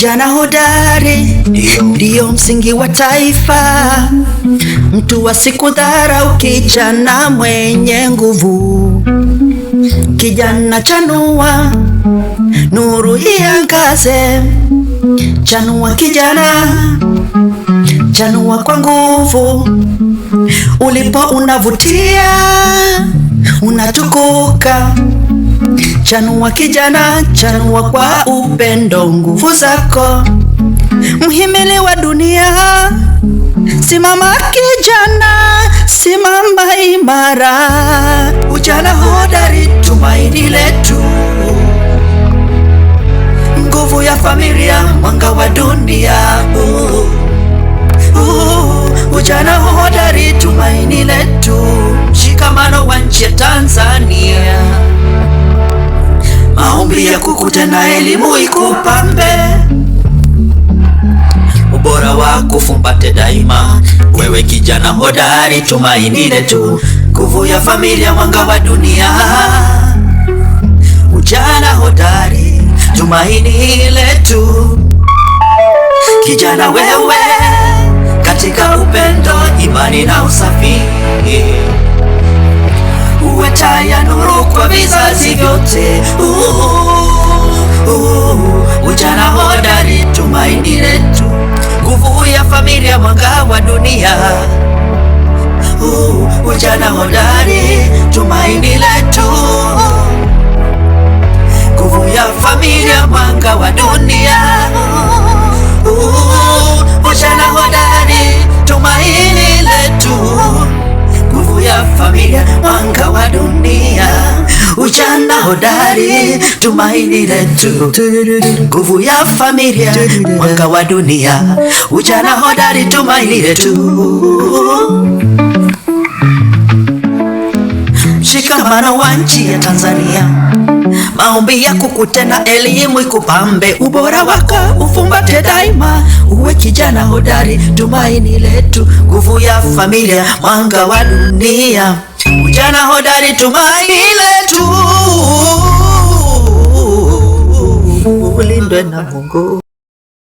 Kijana hodari ndiyo msingi wa taifa, mtu wa siku dhara kijana mwenye nguvu, kijana chanua, nuru iangaze, chanua kijana, chanua kwa nguvu, ulipo unavutia, unatukuka Chanua kijana, chanua kwa upendo nguvu zako, mhimili wa dunia. Simama kijana, simama imara. Ujana hodari, tumaini letu, nguvu ya familia, mwanga wa dunia. Uh, uh, ujana hodari, tumaini letu Tujalie na elimu ikupambe, ubora wa kufumbate daima. Wewe kijana hodari, tumaini letu, nguvu ya familia, mwanga wa dunia. Ujana hodari, tumaini letu, kijana wewe, katika upendo, imani na usafi uwe taya nuru kwa vizazi vyote ujana hodari, tumaini letu, nguvu ya familia, mwanga wa dunia. Ujana hodari, tumaini hodari, tumaini letu, nguvu ya familia, mwanga wa dunia, ujana hodari, tumaini letu Mshikamano wa nchi ya Tanzania, maombi ya kukutena, elimu ikupambe, ubora waka ufumbate daima, uwe kijana hodari, tumaini letu, nguvu ya familia, mwanga wa dunia, ujana hodari, tumaini letu. 越南蒙沟。